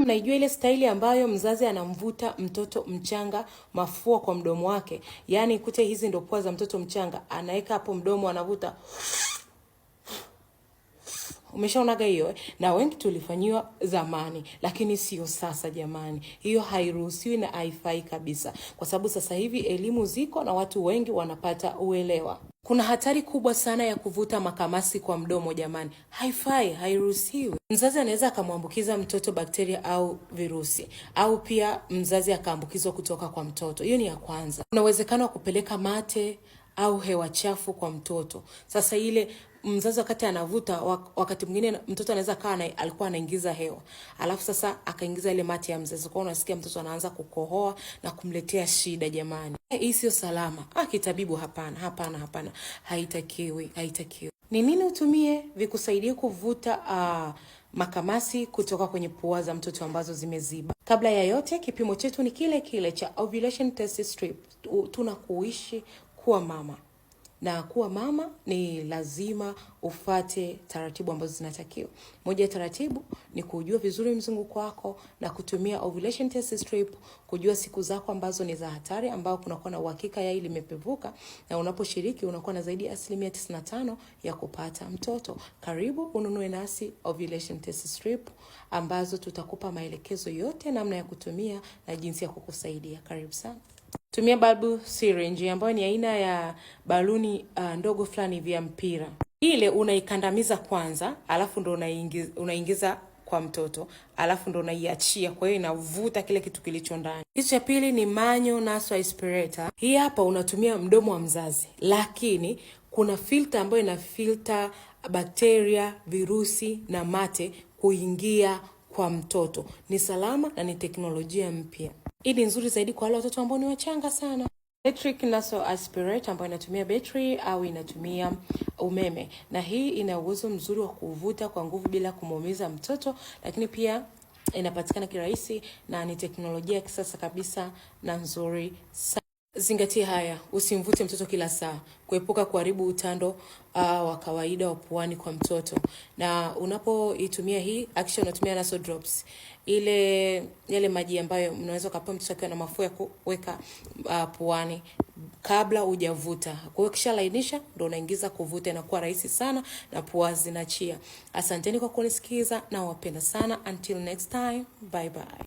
Mnaijua ile staili ambayo mzazi anamvuta mtoto mchanga mafua kwa mdomo wake, yaani kute hizi ndo pua za mtoto mchanga, anaweka hapo mdomo, anavuta Umeshaonaga hiyo eh? Na wengi tulifanyiwa zamani, lakini sio sasa jamani. Hiyo hairuhusiwi na haifai kabisa, kwa sababu sasa hivi elimu ziko na watu wengi wanapata uelewa. Kuna hatari kubwa sana ya kuvuta makamasi kwa mdomo jamani, haifai, hairuhusiwi. Mzazi anaweza akamwambukiza mtoto bakteria au virusi, au pia mzazi akaambukizwa kutoka kwa mtoto. Hiyo ni ya kwanza. Kuna uwezekano wa kupeleka mate au hewa chafu kwa mtoto. Sasa ile mzazi wakati anavuta, wakati mwingine mtoto anaweza kaa na alikuwa anaingiza hewa, alafu sasa akaingiza ile mate ya mzazi, kwa unasikia mtoto anaanza kukohoa na kumletea shida. Jamani, eh, hii sio salama. Ah, kitabibu hapana, hapana, hapana, haitakiwi, haitakiwi. Ni nini utumie vikusaidie kuvuta uh, makamasi kutoka kwenye pua za mtoto ambazo zimeziba. Kabla ya yote, kipimo chetu ni kile kile cha ovulation test strip, tunakuishi kuwa mama, na kuwa mama ni lazima ufate taratibu ambazo zinatakiwa. Moja ya taratibu ni kujua vizuri mzunguko wako na kutumia ovulation test strip, kujua siku zako ambazo ni za hatari, ambao kunakuwa na uhakika yai limepevuka, na unaposhiriki unakuwa na zaidi ya asilimia 95 ya kupata mtoto. Karibu ununue nasi ovulation test strip ambazo tutakupa maelekezo yote namna ya kutumia na jinsi ya kukusaidia. Karibu sana. Tumia balbu syringe ambayo ni aina ya baluni uh, ndogo fulani vya mpira. Ile unaikandamiza kwanza, alafu ndo unaingiza, unaingiza kwa mtoto alafu ndo unaiachia, kwa hiyo inavuta kile kitu kilicho ndani. Kitu cha pili ni manyo nasal aspirator. Hii hapa unatumia mdomo wa mzazi, lakini kuna filter ambayo ina filter bakteria, virusi na mate kuingia kwa mtoto. Ni salama na ni teknolojia mpya ili nzuri zaidi kwa wale watoto ambao ni wachanga sana. Electric Naso aspirator ambayo inatumia betri au inatumia umeme, na hii ina uwezo mzuri wa kuvuta kwa nguvu bila kumuumiza mtoto, lakini pia inapatikana kirahisi na ni teknolojia ya kisasa kabisa na nzuri sana. Zingatia haya: usimvute mtoto kila saa, kuepuka kuharibu utando uh, wa kawaida wa puani kwa mtoto. Na unapoitumia hii hakikisha unatumia nasal drops, ile yale maji ambayo mnaweza ukapewa mtoto akiwa na mafua ya kuweka uh, puani kabla hujavuta. Kwa hiyo kisha lainisha, ndio unaingiza kuvuta, inakuwa rahisi sana na pua zinachia. Asanteni kwa kunisikiza na wapenda sana, until next time, bye bye.